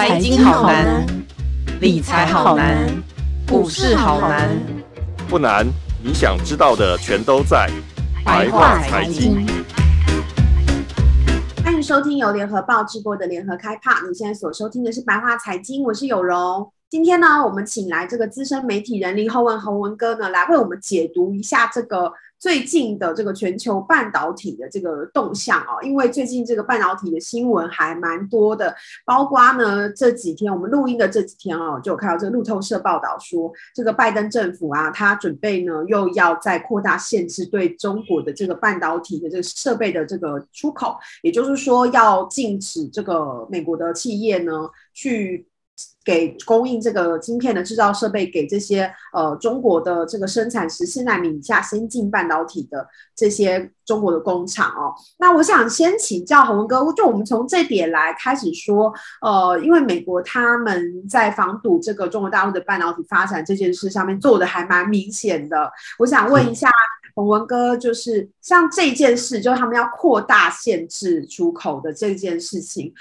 財經好難，理財好難，股市好難。不難，你想知道的全都在白話財經。歡迎收聽由聯合報直播的聯合開趴，你現在所收聽的是白話財經，我是有容。今天呢，我們請來這個資深媒體人林宏文宏文哥呢，來為我們解讀一下這個。最近的這個全球半導體的這個動向啊，因為最近這個半導體的新聞還蠻多的，包括呢這幾天我們錄音的這幾天啊，就有看到這個路透社報道說，這個拜登政府啊，他準備呢又要再擴大限制對中國的這個半導體的這個設備的這個出口，也就是說要禁止這個美國的企業呢去。給供應這個晶片的製造設備，給這些呃中國的這個生產十四納米以下先進半導體的這些中國的工廠哦。那我想先請教宏文哥，就我們從這點來開始說，呃，因為美國他們在防堵這個中國大陸的半導體發展這件事上面做得還蠻明顯的。我想問一下宏文哥，就是像這件事，就是他們要擴大限制出口的這件事情。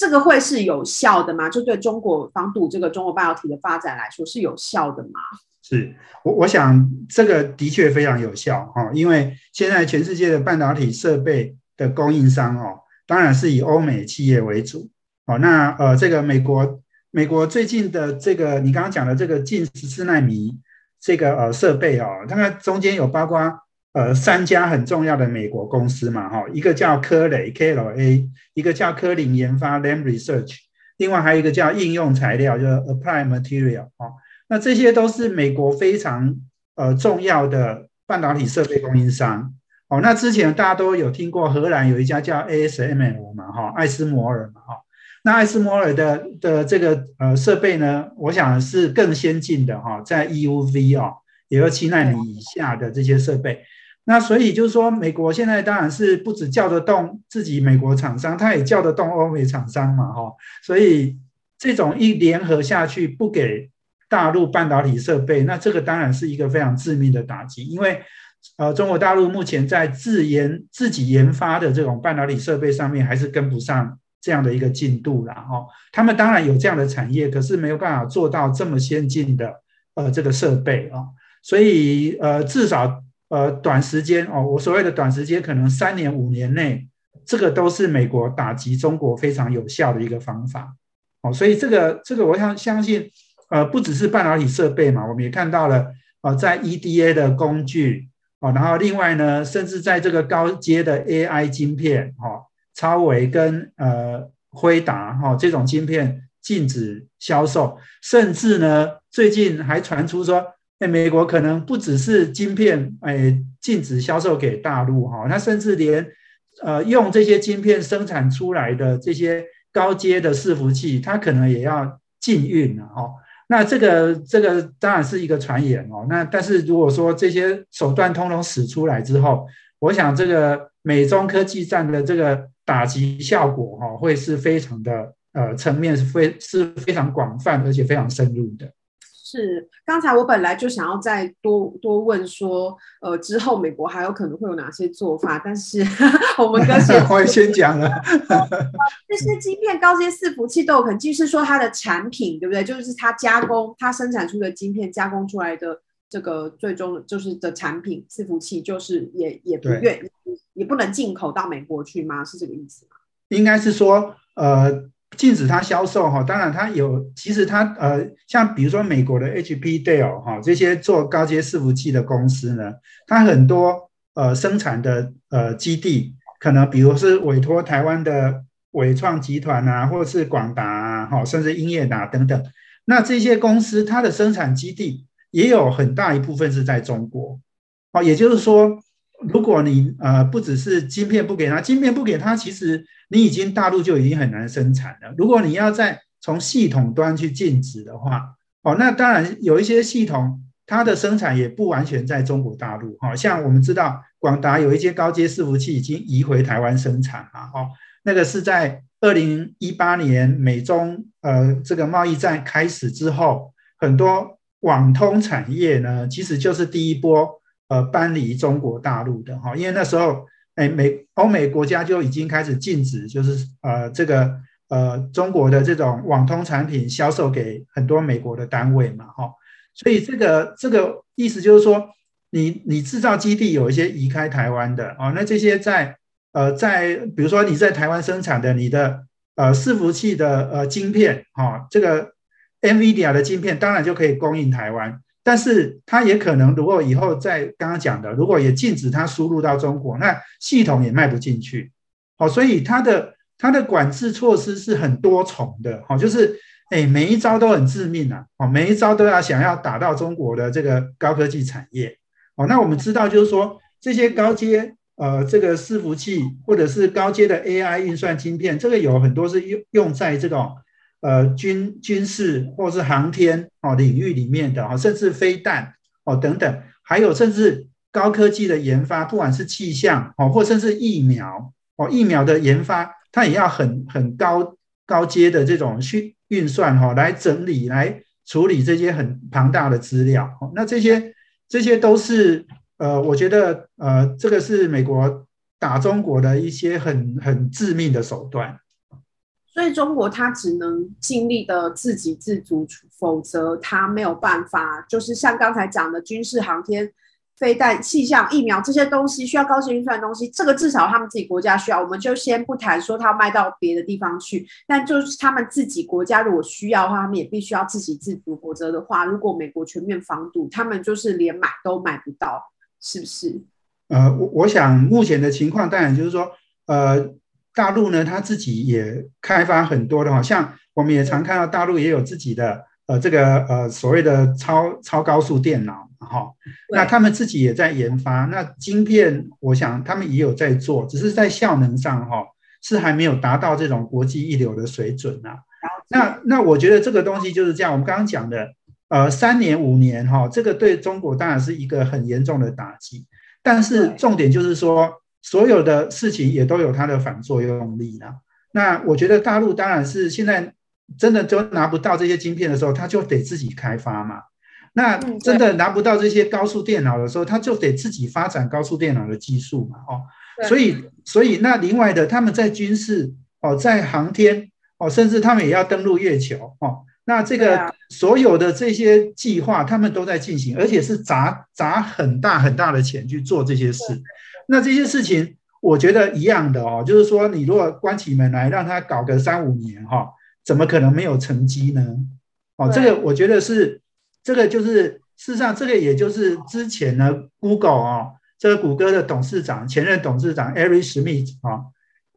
這個會是有效的嗎？就對中國防堵這個中國半導體的發展來說是有效的嗎？是我，我想這個的確非常有效哦，因為現在全世界的半導體設備的供應商哦，當然是以歐美企業為主哦。那呃這個美國美國最近的這個你剛剛講的這個近十四奈米這個呃設備哦，當然中間有包括。呃，三家很重要的美國公司嘛，哈，一個叫科磊 （KLA），一個叫科林研發 （Lam Research），另外還有一個叫應用材料，就是 Applied Material，哦，那這些都是美國非常呃重要的半導體設備供應商。哦，那之前大家都有聽過荷蘭有一家叫 ASML 嘛，哈、哦，艾斯摩爾嘛，哈、哦，那艾斯摩爾的的這個呃設備呢，我想是更先進的哈、哦，在 EUV 哦，也有七納米以下的這些設備。那所以就是說，美國現在當然是不止叫得動自己美國廠商，他也叫得動歐美廠商嘛，哈。所以這種一聯合下去，不給大陸半導體設備，那這個當然是一個非常致命的打擊，因為呃，中國大陸目前在自研、自己研發的這種半導體設備上面，還是跟不上這樣的一個進度啦，哈。他們當然有這樣的產業，可是沒有辦法做到這麼先進的呃這個設備啊，所以呃，至少。呃，短時間哦，我所謂的短時間，可能三年五年內，這個都是美國打擊中國非常有效的一個方法哦。所以這個這個我，我想相信，呃，不只是半導體設備嘛，我們也看到了呃，在 EDA 的工具啊、哦，然後另外呢，甚至在這個高階的 AI 晶片哈、哦，超微跟呃輝達哈、哦、這種晶片禁止銷售，甚至呢，最近還傳出說。哎，美國可能不只是晶片，誒、哎、禁止銷售給大陸哈、哦，它甚至連，呃，用這些晶片生產出來的這些高階的伺服器，它可能也要禁運了哈、哦。那這個這個當然是一個傳言哦。那但是如果說這些手段通通使出來之後，我想這個美中科技戰的這個打擊效果哈、哦，會是非常的呃層面是非是非常廣泛而且非常深入的。是，剛才我本來就想要再多多問說，呃，之後美國還有可能會有哪些做法？但是 我們哥先先講了 說。那、呃、這些晶片高階伺服器都有可能，就是說它的產品，對不對？就是它加工、它生產出的晶片，加工出來的這個最終就是的產品，伺服器就是也也不願意，也不,對 也不能進口到美國去嗎？是這個意思嗎？應該是說，呃。禁止它銷售哈，當然它有，其實它呃，像比如說美國的 HP、Dell 哈，這些做高階伺服器的公司呢，它很多呃生產的呃基地，可能比如是委託台灣的緯創集團啊，或者是廣達啊，哈，甚至英業達啊、等等，那這些公司它的生產基地也有很大一部分是在中國，哦，也就是說。如果你呃不只是晶片不給它，晶片不給它，其實你已經大陸就已經很難生產了。如果你要再從系統端去禁止的話，哦，那當然有一些系統它的生產也不完全在中國大陸，哈、哦，像我們知道廣達有一些高階伺服器已經移回台灣生產了哦，那個是在二零一八年美中呃這個貿易戰開始之後，很多網通產業呢其實就是第一波。呃，搬離中國大陸的哈，因為那時候，哎，美歐美國家就已經開始禁止，就是呃，這個呃，中國的這種網通產品銷售給很多美國的單位嘛，哈、哦，所以這個這個意思就是說你，你你制造基地有一些移開台灣的啊、哦，那這些在呃在比如說你在台灣生產的你的呃伺服器的呃晶片哈、哦，這個 NVIDIA 的晶片當然就可以供應台灣。但是它也可能，如果以後在剛剛講的，如果也禁止它輸入到中國，那系統也賣不進去，哦，所以它的它的管制措施是很多重的，哦，就是哎，每一招都很致命啊，哦，每一招都要想要打到中國的這個高科技產業，哦，那我們知道就是說這些高階呃這個伺服器或者是高階的 AI 運算晶片，這個有很多是用用在這種。呃，軍軍事或是航天啊、哦、領域裡面的哈，甚至飛彈哦等等，還有甚至高科技的研發，不管是氣象哦，或甚至疫苗哦，疫苗的研發，它也要很很高高階的這種運運算哈、哦，來整理來處理這些很龐大的資料。那這些這些都是呃，我覺得呃，這個是美國打中國的一些很很致命的手段。所以中國它只能盡力的自給自足，否則它沒有辦法。就是像剛才講的軍事、航天、飛彈、氣象、疫苗這些東西，需要高級運算的東西，這個至少他們自己國家需要，我們就先不談說它賣到別的地方去。但就是他們自己國家如果需要的話，他們也必須要自給自足，否則的話，如果美國全面防堵，他們就是連買都買不到，是不是？呃，我我想目前的情況當然就是說，呃。大陸呢，他自己也開發很多的、哦、像我們也常看到大陸也有自己的呃這個呃所謂的超超高速電腦哈，那他們自己也在研發，那晶片我想他們也有在做，只是在效能上哈、哦、是還沒有達到這種國際一流的水準吶、啊。那那我覺得這個東西就是這樣，我們剛剛講的呃三年五年哈、哦，這個對中國當然是一個很嚴重的打擊，但是重點就是說。所有的事情也都有它的反作用力呢。那我覺得大陸當然是現在真的都拿不到這些晶片的時候，他就得自己開發嘛。那真的拿不到這些高速電腦的時候，他就得自己發展高速電腦的技術嘛。哦，所以所以那另外的他們在軍事哦，在航天哦，甚至他們也要登陸月球哦。那這個所有的這些計劃，他們都在進行，而且是砸砸很大很大的錢去做這些事。那這些事情，我覺得一樣的哦，就是說，你如果關起門來讓他搞個三五年哈、哦，怎麼可能沒有成績呢？哦，對這個我覺得是，這個就是事實上，這個也就是之前呢，Google 哦，這個谷歌的董事長，前任董事長 Eric Schmidt、哦、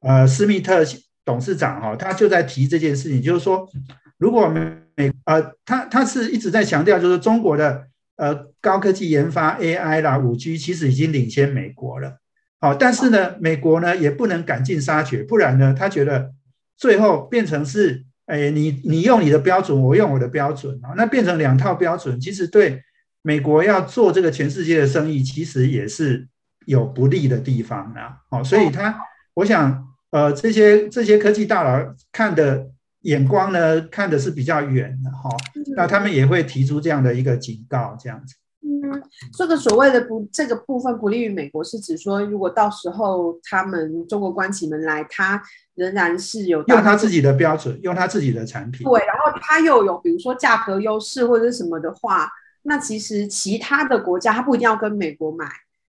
呃，斯密特董事長哈、哦，他就在提這件事情，就是說，如果美呃，他他是一直在強調，就是中國的呃高科技研發 AI 啦、五 G 其實已經領先美國了。好，但是呢，美國呢也不能趕盡殺絕，不然呢，他覺得最後變成是，哎、欸，你你用你的標準，我用我的標準哦，那變成兩套標準，其實對美國要做這個全世界的生意，其實也是有不利的地方的。好，所以他，我想，呃，這些這些科技大佬看的眼光呢，看的是比較遠的哈，那他們也會提出這樣的一個警告，這樣子。嗯，這個所謂的不這個部分不利於美國，是指說，如果到時候他們中國關起門來，他仍然是有用他自己的標準，用他自己的產品。對，然後他又有比如說價格優勢或者什麼的話，那其實其他的國家他不一定要跟美國買，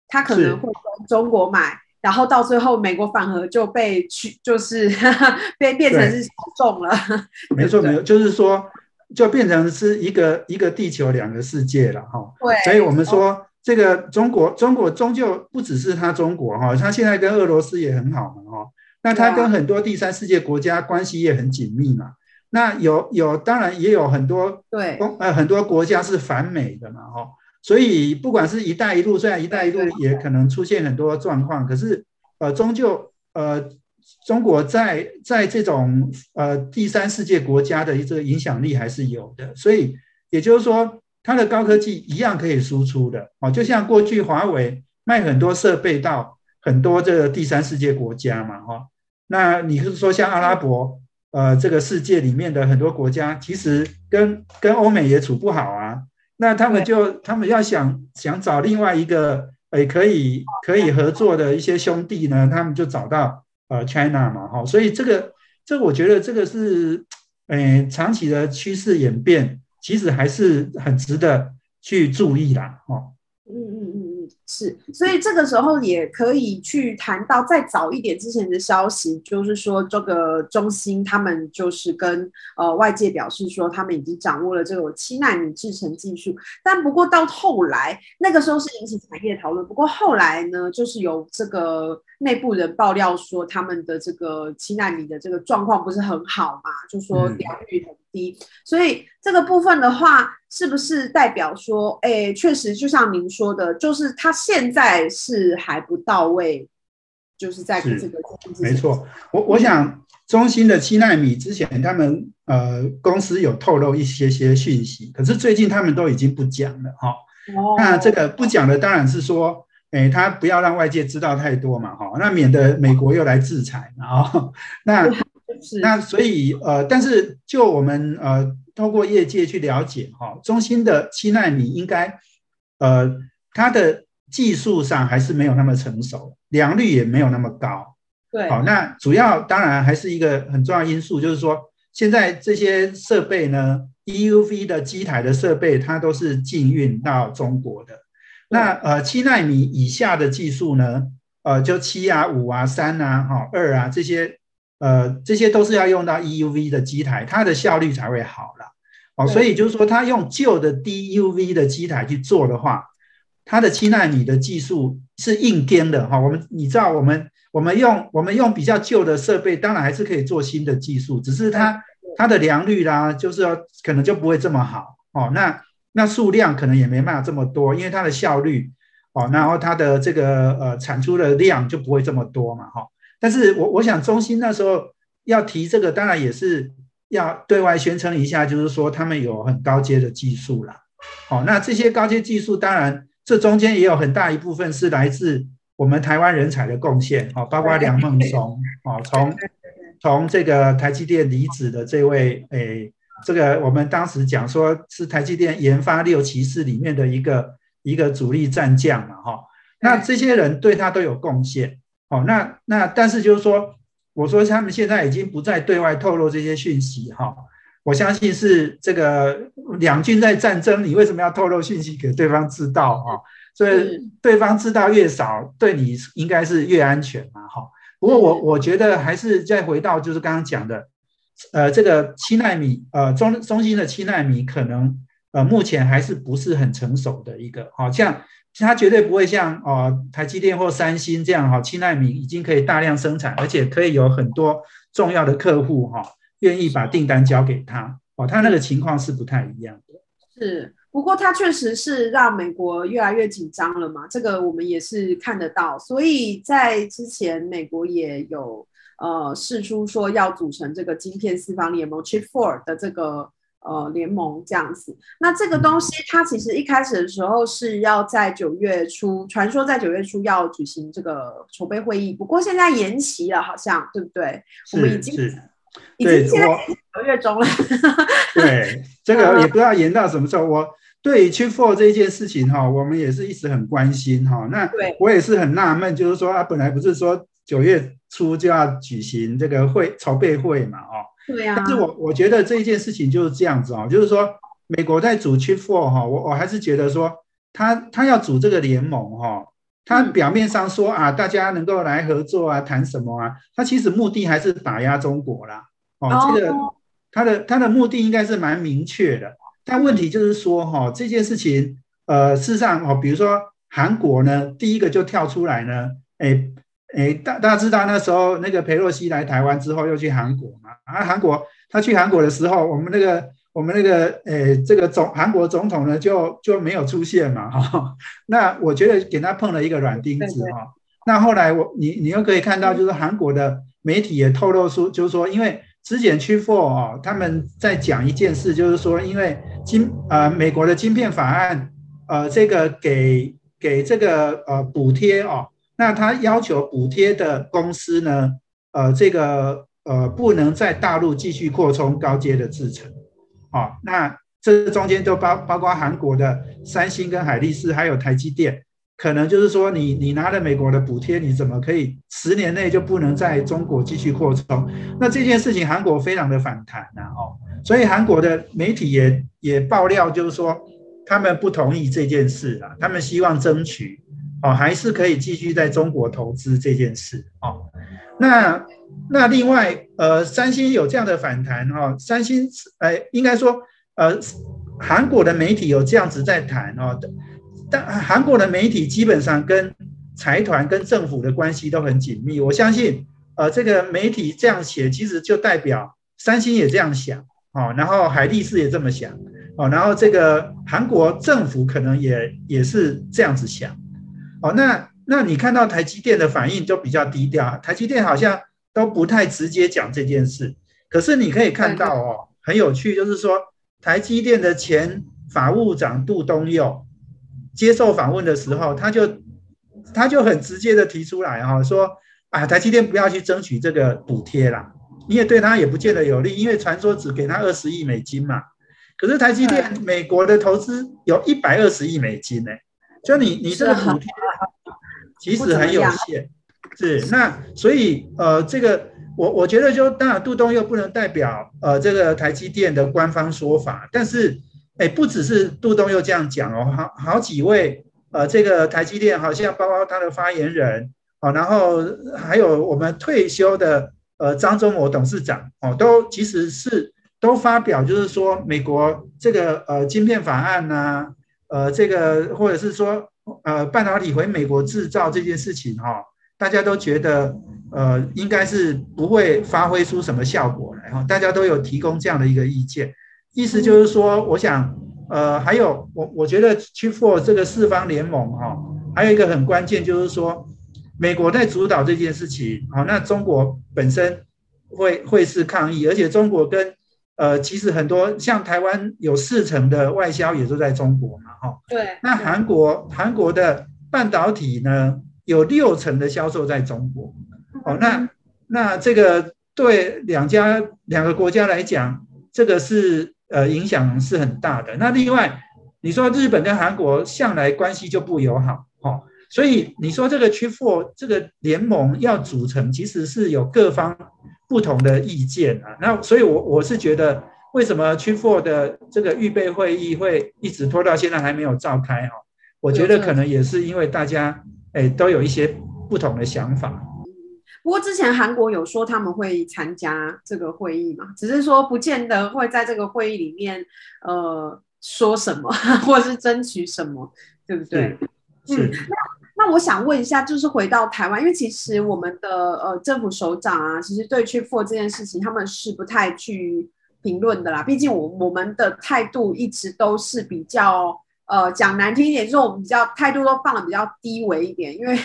他可能會跟中國買，然後到最後美國反而就被去就是呵呵被變成是小眾了。沒錯，沒錯，就是說。就變成是一個一個地球兩個世界了哈，對哦，所以我們說這個中國中國終究不只是它中國哈，它現在跟俄羅斯也很好嘛哈，那它跟很多第三世界國家關係也很緊密嘛，那有有當然也有很多對，呃很多國家是反美的嘛哈，所以不管是一帶一路，雖然一帶一路也可能出現很多狀況，可是呃終究呃。中國在在這種呃第三世界國家的這個影響力還是有的，所以也就是說，它的高科技一樣可以輸出的哦，就像過去華為賣很多設備到很多這個第三世界國家嘛，哈，那你是說像阿拉伯呃這個世界裡面的很多國家，其實跟跟歐美也處不好啊，那他們就他們要想想找另外一個誒可以可以合作的一些兄弟呢，他們就找到。呃，China 嘛，哈、哦，所以這個，這個、我覺得這個是，呃，長期的趨勢演變，其實還是很值得去注意啦。哈、哦。嗯嗯嗯嗯，是，所以這個時候也可以去談到再早一點之前的消息，就是說這個中芯他們就是跟呃外界表示說他們已經掌握了這個七納米製程技術，但不過到後來那個時候是引起產業討論，不過後來呢就是有這個。內部人爆料說，他們的這個七奈米的這個狀況不是很好嘛，就說良率很低。嗯、所以這個部分的話，是不是代表說，哎、欸，確實就像您說的，就是他現在是還不到位，就是在跟這個是。行沒錯，我我想，中芯的七奈米之前他們呃公司有透露一些些訊息，可是最近他們都已經不講了哈。哦哦、那這個不講的當然是說。誒，他不要讓外界知道太多嘛，哈、哦，那免得美國又來制裁，然後那那所以呃，但是就我們呃通過業界去了解哈、哦，中芯的七納米應該呃它的技術上還是沒有那麼成熟，良率也沒有那麼高，對，好、哦，那主要當然還是一個很重要因素，就是說現在這些設備呢，EUV 的機台的設備它都是禁運到中國的。那呃，七奈米以下的技術呢？呃，就七啊、五啊、三啊、哈、二啊這些，呃，這些都是要用到 EUV 的機台，它的效率才會好了。哦，所以就是說，它用舊的 DUV 的機台去做的話，它的七奈米的技術是硬顛的哈、哦。我們你知道，我們我們用我們用比較舊的設備，當然還是可以做新的技術，只是它它的良率啦、啊，就是可能就不會這麼好。哦，那。那數量可能也沒辦法這麼多，因為它的效率，哦，然後它的這個呃產出的量就不會這麼多嘛，哈、哦。但是我我想，中芯那時候要提這個，當然也是要對外宣稱一下，就是說他們有很高階的技術啦好、哦，那這些高階技術，當然這中間也有很大一部分是來自我們台灣人才的貢獻，哦，包括梁孟松，哦，從從這個台積電離職的這位，誒、欸。這個我們當時講說是台積電研發六騎士裡面的一個一個主力戰將嘛，哈，那這些人對他都有貢獻，哦，那那但是就是說，我說他們現在已經不再對外透露這些訊息，哈，我相信是這個兩軍在戰爭，你為什麼要透露訊息給對方知道啊？哈，所以對方知道越少，對你應該是越安全嘛，哈。不過我我覺得還是再回到就是剛剛講的。呃，這個七奈米，呃中中芯的七奈米可能，呃目前還是不是很成熟的一個，好、哦、像它絕對不會像哦、呃、台積電或三星這樣哈，七、哦、奈米已經可以大量生產，而且可以有很多重要的客戶哈、哦，願意把訂單交給他，哦他那個情況是不太一樣的。是，不過他確實是讓美國越來越緊張了嘛，這個我們也是看得到，所以在之前美國也有。呃，釋出說要組成這個晶片四方聯盟、mm hmm. Chip Four 的這個呃聯盟這樣子，那這個東西它其實一開始的時候是要在九月初，傳說在九月初要舉行這個籌備會議，不過現在延期了，好像對不對？是是，對，我們已經九是月中了。對，這個也不知道延到什麼時候。我對於 Chip Four 這一件事情哈、哦，我們也是一直很關心哈、哦。對那我也是很納悶，就是說啊，本來不是說。九月初就要舉行這個會籌備會嘛，哦，對呀、啊。但是我我覺得這件事情就是這樣子哦，就是說美國在組 Chip 4哈、哦，我我還是覺得說他他要組這個聯盟哈、哦，他表面上說啊，大家能夠來合作啊，談什麼啊，他其實目的還是打壓中國啦，哦，這個他的他的目的應該是蠻明確的。但問題就是說哈、哦，這件事情，呃，事實上哦，比如說韓國呢，第一個就跳出來呢、哎，哎，大大家知道那時候那個裴洛西來台灣之後，又去韓國嘛，啊，韓國他去韓國的時候，我們那個我們那個誒，這個總韓國總統呢，就就沒有出現嘛，哈。那我覺得給他碰了一個軟釘子哈、哦。那後來我你你又可以看到，就是韓國的媒體也透露出，就是說，因為之前 Chip 4哦，他們在講一件事，就是說，因為金啊、呃、美國的晶片法案，呃，這個給給這個呃補貼哦。那他要求補貼的公司呢？呃，這個呃，不能在大陸繼續擴充高階的製程，啊，那這中間都包包括韓國的三星、跟海力士，還有台積電，可能就是說，你你拿了美國的補貼，你怎麼可以十年內就不能在中國繼續擴充？那這件事情，韓國非常的反彈，然後、啊、哦，所以韓國的媒體也也爆料，就是說他們不同意這件事啊，他們希望爭取。哦，還是可以繼續在中國投資這件事哦。那那另外，呃，三星有這樣的反彈哦。三星，呃，應該說，呃，韓國的媒體有這樣子在談哦。但韓國的媒體基本上跟財團跟政府的關係都很緊密。我相信，呃，這個媒體這樣寫，其實就代表三星也這樣想哦。然後海力士也這麼想哦。然後這個韓國政府可能也也是這樣子想。哦，那那你看到台積電的反應就比較低調，台積電好像都不太直接講這件事。可是你可以看到哦，很有趣，就是說台積電的前法務長杜東佑接受訪問的時候，他就他就很直接的提出來哈、哦，說啊，台積電不要去爭取這個補貼啦，你也對他也不見得有利，因為傳說只給他二十億美金嘛。可是台積電美國的投資有一百二十億美金呢、欸，就你你這個補貼。其實很有限，是。那所以呃，這個我我覺得就當然杜東又不能代表呃這個台積電的官方說法，但是哎、欸，不只是杜東又這樣講哦，好好幾位呃這個台積電好像包括他的發言人哦，然後還有我們退休的呃張忠謀董事長哦，都其實是都發表就是說美國這個呃晶片法案吶、啊，呃這個或者是說。呃，半導體回美國製造這件事情哈，大家都覺得呃，應該是不會發揮出什麼效果來哈，大家都有提供這樣的一個意見，意思就是說，我想呃，還有我我覺得去破這個四方聯盟哈，還有一個很關鍵就是說，美國在主導這件事情啊，那中國本身會會是抗議，而且中國跟。呃，其實很多像台灣有四成的外銷也都在中國嘛，哈、哦。對那韓國韓國的半導體呢，有六成的銷售在中國。哦，那那這個對兩家兩個國家來講，這個是呃影響是很大的。那另外你說日本跟韓國向來關係就不友好，哈、哦，所以你說這個 Chip 4這個聯盟要組成，其實是有各方。不同的意見啊，那所以我，我我是覺得，為什麼 Chip 4的這個預備會議會一直拖到現在還沒有召開哈、哦？我覺得可能也是因為大家哎、欸、都有一些不同的想法、嗯。不過之前韓國有說他們會參加這個會議嘛，只是說不見得會在這個會議裡面呃說什麼，或者是爭取什麼，對不對？嗯。是 那我想問一下，就是回到台灣，因為其實我們的呃政府首長啊，其實對 Chip 4這件事情，他們是不太去評論的啦。畢竟我們我們的態度一直都是比較呃講難聽一點，就是我們比較態度都放的比較低微一點，因為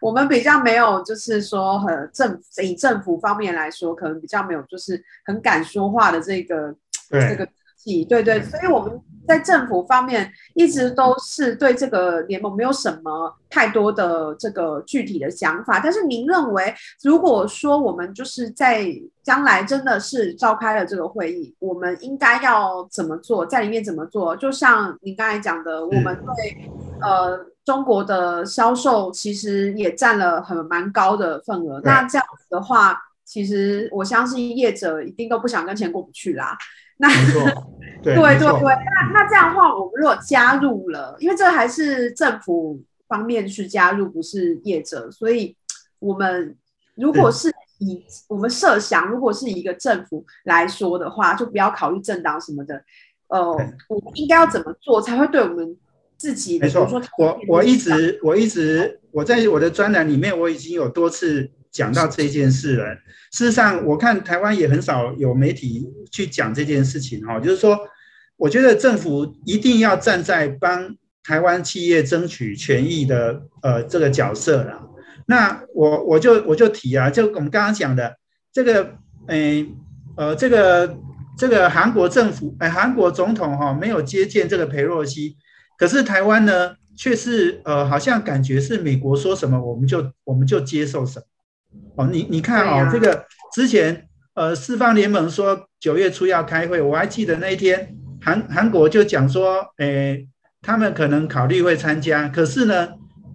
我們比較沒有就是說很政府以政府方面來說，可能比較沒有就是很敢說話的這個對 這個體對,對對，所以我們。在政府方面一直都是對這個聯盟沒有什麼太多的這個具體的想法，但是您認為，如果說我們就是在將來真的是召開了這個會議，我們應該要怎麼做？在裡面怎麼做？就像您剛才講的，嗯、我們對呃中國的銷售其實也占了很蠻高的份額，嗯、那這樣子的話，其實我相信業者一定都不想跟錢過不去啦。那對， 對對對，錯那那這樣的話，我們如果加入了，嗯、因為這還是政府方面去加入，不是業者，所以我們如果是以我們設想，是如果是以一個政府來說的話，就不要考慮政黨什麼的。呃，對我們應該要怎麼做才會對我們自己？錯比如說比，我我一直，我一直我在我的專欄裡面，我已經有多次。講到這件事了，事實上我看台灣也很少有媒體去講這件事情哈、哦，就是說，我覺得政府一定要站在幫台灣企業爭取權益的呃這個角色了。那我我就我就提啊，就我們剛剛講的這個，嗯呃，呃這個這個韓國政府，呃韓國總統哈、哦、沒有接見這個裴洛西，可是台灣呢，卻是呃好像感覺是美國說什麼我們就我們就接受什麼。哦，你你看哦，對啊、這個之前呃，四方聯盟說九月初要開會，我還記得那一天，韓韓國就講說，誒、哎，他們可能考慮會參加，可是呢，誒、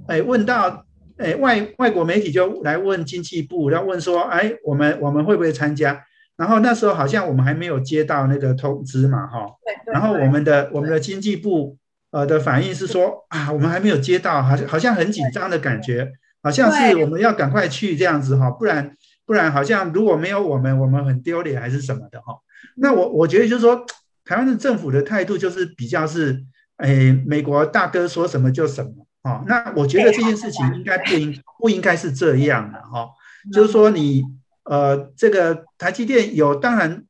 哎，問到誒、哎、外外國媒體就來問經濟部，要問說，哎，我們我們會不會參加？然後那時候好像我們還沒有接到那個通知嘛，哈、哦，對對對，然後我們的我們的經濟部呃的反應是說啊，我們還沒有接到，好像好像很緊張的感覺。對對對好像是我們要趕快去這樣子哈，不然不然好像如果沒有我們，我們很丟臉還是什麼的哈。那我我覺得就是說，台灣的政府的態度就是比較是，誒，美國大哥說什麼就什麼啊。那我覺得這件事情應該不應不應該是這樣的哈，就是說你呃，這個台積電有，當然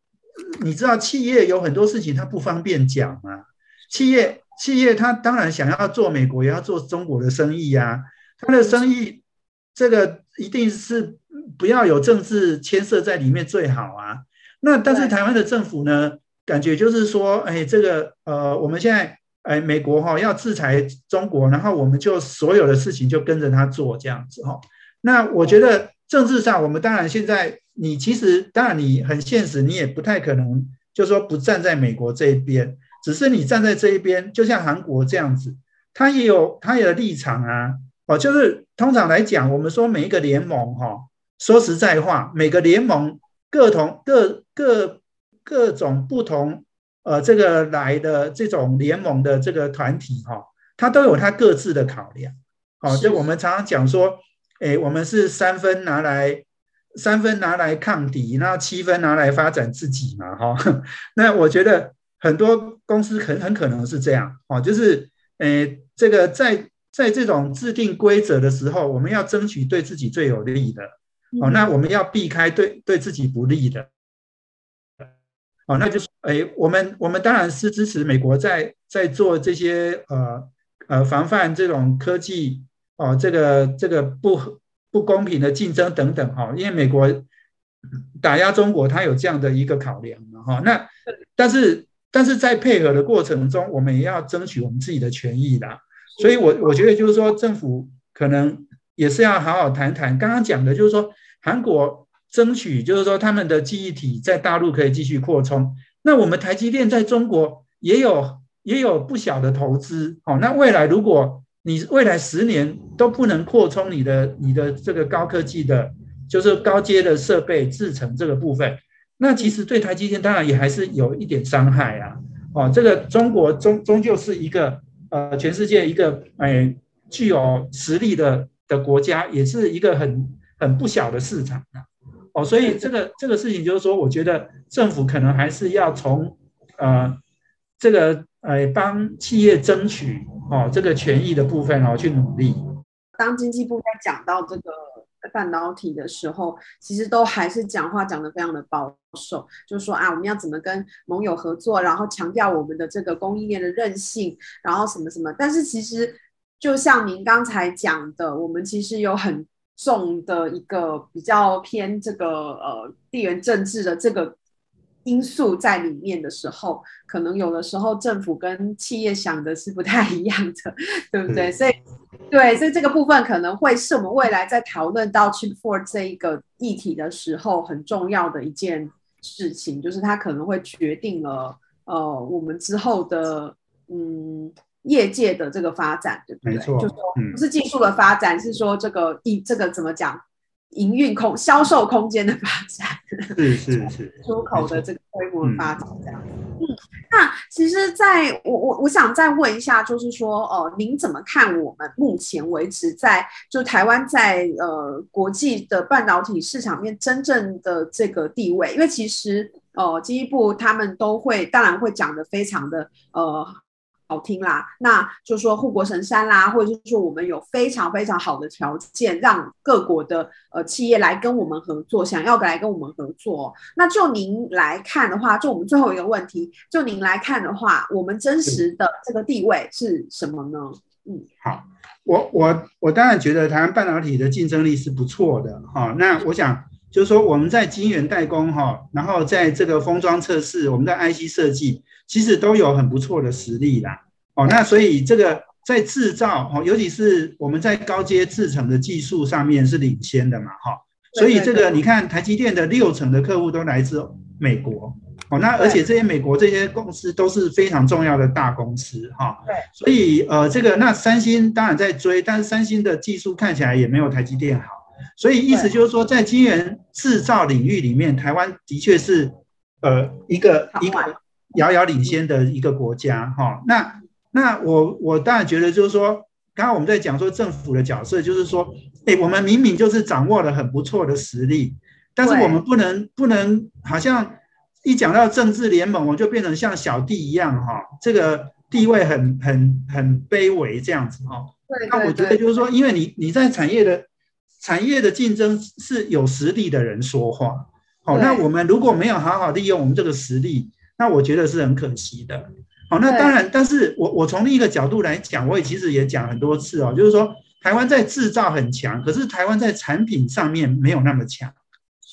你知道企業有很多事情他不方便講嘛，企業企業他當然想要做美國也要做中國的生意呀，啊，他的生意。這個一定是不要有政治牽涉在裡面最好啊。那但是台灣的政府呢，感覺就是說，哎，這個呃，我們現在哎，美國哈要制裁中國，然後我們就所有的事情就跟着他做這樣子哈。那我覺得政治上，我們當然現在你其實當然你很現實，你也不太可能就是說不站在美國這一邊，只是你站在這一邊，就像韓國這樣子，他也有他也有立場啊。哦，就是通常來講，我們說每一個聯盟，哈，說實在話，每個聯盟各同各各各種不同，呃，這個來的這種聯盟的這個團體，哈，它都有它各自的考量。哦，就我們常常講說，哎，我們是三分拿來三分拿來抗敵，那七分拿來發展自己嘛，哈。那我覺得很多公司很很可能是這樣，哦，就是，呃，這個在。在這種制定規則的時候，我們要爭取對自己最有利的，哦，那我們要避開對對自己不利的，哦，那就是，哎，我們我們當然是支持美國在在做這些呃呃防範這種科技哦、呃，這個這個不不公平的競爭等等哈、哦，因為美國打壓中國，它有這樣的一個考量哈、哦。那但是但是在配合的過程中，我們也要爭取我們自己的權益的。所以，我我覺得就是說，政府可能也是要好好談談。剛剛講的就是說，韓國爭取就是說，他們的記憶體在大陸可以繼續擴充。那我們台積電在中國也有也有不小的投資。哦。那未來如果你未來十年都不能擴充你的你的這個高科技的，就是高階的設備製程這個部分，那其實對台積電當然也還是有一點傷害啊。哦，這個中國終終究是一個。呃，全世界一個誒、哎、具有實力的的國家，也是一個很很不小的市場啊。哦，所以這個這個事情就是說，我覺得政府可能還是要從呃這個誒幫、哎、企業爭取哦這個權益的部分然後、哦、去努力。當經濟部在講到這個。半導體的時候，其實都還是講話講得非常的保守，就是說啊，我們要怎麼跟盟友合作，然後強調我們的這個供應鏈的韌性，然後什麼什麼。但是其實就像您剛才講的，我們其實有很重的一個比較偏這個呃地緣政治的這個。因素在裡面的時候，可能有的時候政府跟企業想的是不太一樣的，對不對？嗯、所以，對，所以這個部分可能會是我們未來在討論到 Chip 4這一個議題的時候很重要的一件事情，就是它可能會決定了呃我們之後的嗯業界的這個發展，對不對？沒錯，嗯、就是說不是技術的發展，是說這個一這個怎麼講？營運空銷售空間的發展，是是是，出口的這個規模發展這樣子。嗯，那其實在我我我想再問一下，就是說哦、呃，您怎麼看我們目前為止在就台灣在呃國際的半導體市場面真正的這個地位？因為其實哦，進、呃、一步他們都會當然會講得非常的呃。好聽啦，那就說護國神山啦，或者是說我們有非常非常好的條件，讓各國的呃企業來跟我們合作，想要來跟我們合作。那就您來看的話，就我們最後一個問題，就您來看的話，我們真實的這個地位是什麼呢？嗯，好，我我我當然覺得台灣半導體的競爭力是不錯的哈。那我想。就是說，我們在晶圓代工哈、哦，然後在這個封裝測試，我們在 IC 設計，其實都有很不錯的實力啦。哦，那所以這個在製造哦，尤其是我們在高階製程的技術上面是領先的嘛哈、哦。所以這個你看，台積電的六成的客戶都來自美國哦，那而且這些美國這些公司都是非常重要的大公司哈。對、哦。所以呃，這個那三星當然在追，但是三星的技術看起來也沒有台積電好。所以意思就是說，在晶圓制造領域裡面，台灣的確是呃一個一個遙遙領先的一個國家哈。那那我我當然覺得就是說，剛剛我們在講說政府的角色，就是說，哎，我們明明就是掌握了很不錯的實力，但是我們不能不能好像一講到政治聯盟，我就變成像小弟一樣哈，這個地位很很很卑微這樣子哈。對，那我覺得就是說，因為你你在產業的。產業的競爭是有實力的人說話，好對、哦，那我們如果沒有好好利用我們這個實力，那我覺得是很可惜的。好、哦，那當然，對 但是我我從另一個角度來講，我也其實也講很多次哦，就是說台灣在製造很強，可是台灣在產品上面沒有那麼強，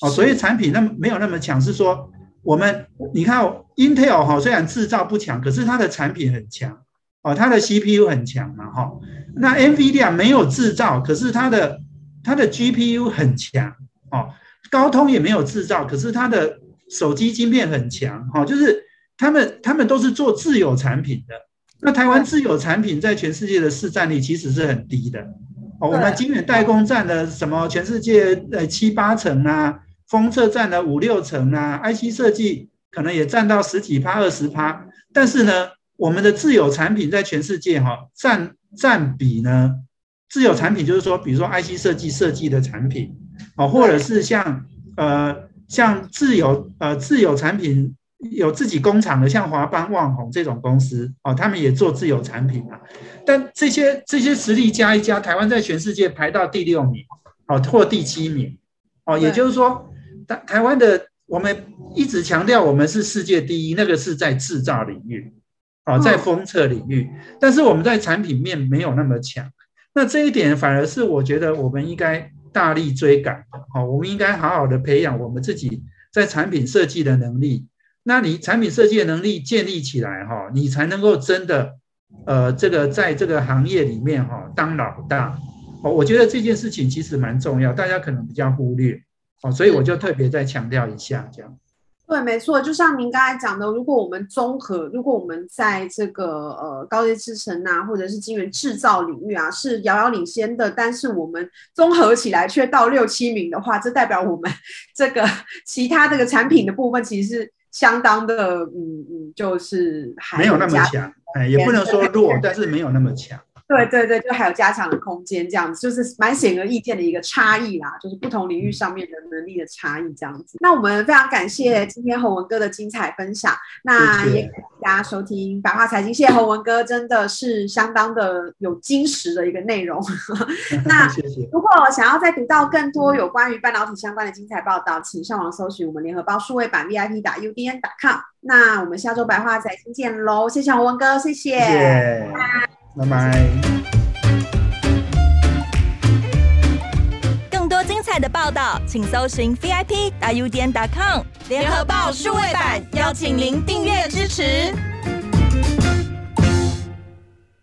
哦，所以產品那麼沒有那麼強，是說我們你看 Intel 哈，哦，雖然製造不強，可是它的產品很強，哦，它的 CPU 很強嘛，哈，哦，那 NVIDIA 沒有製造，可是它的它的 GPU 很強哦，高通也沒有製造，可是它的手機晶片很強哦，就是他們他們都是做自有產品的。那台灣自有產品在全世界的市占率其實是很低的哦，我們晶圓代工占了什麼全世界呃七八成啊，封測占了五六成啊，IC 設計可能也占到十幾趴二十趴，但是呢，我們的自有產品在全世界哈占占比呢？自有產品就是說，比如說 IC 設計設計的產品，哦，或者是像呃像自有呃自有產品有自己工廠的像，像華邦、旺宏這種公司哦、啊，他們也做自有產品啊。但這些這些實力加一加，台灣在全世界排到第六名哦，或第七名哦。也就是說，台台灣的我們一直強調我們是世界第一，那個是在制造領域哦、啊，在封測領域，但是我們在產品面沒有那麼強。那這一點反而是我覺得我們應該大力追趕，好，我們應該好好的培養我們自己在產品設計的能力。那你產品設計的能力建立起來，哈，你才能夠真的，呃，這個在這個行業裡面，哈，當老大。哦，我覺得這件事情其實蠻重要，大家可能比較忽略，哦，所以我就特別再強調一下，這樣。對，沒錯，就像您剛才講的，如果我們綜合，如果我們在這個呃高階製程啊，或者是晶圓製造領域啊，是遙遙領先的，但是我們綜合起來卻到六七名的話，這代表我們這個其他這個產品的部分，其實是相當的，嗯嗯，就是還沒有那麼強，哎，也不能說弱，但是沒有那麼強。對對對，就還有加強的空間，這樣子就是蠻顯而易見的一個差異啦，就是不同領域上面的能力的差異這樣子。那我們非常感謝今天宏文哥的精彩分享，那也給大家收聽《白話財經》，謝謝宏文哥，真的是相當的有精實的一個內容。 那謝謝。如果想要再讀到更多有關於半導體相關的精彩報道，請上網搜尋我們聯合報數位版 VIP 打 U D N 打 COM。那我們下週《白話財經》見嘍，謝謝宏文哥，謝謝。Yeah. 拜拜！Bye bye，更多精彩的報道，請搜尋 VIP.UDN.COM 聯合報數位版，邀請您訂閱支持。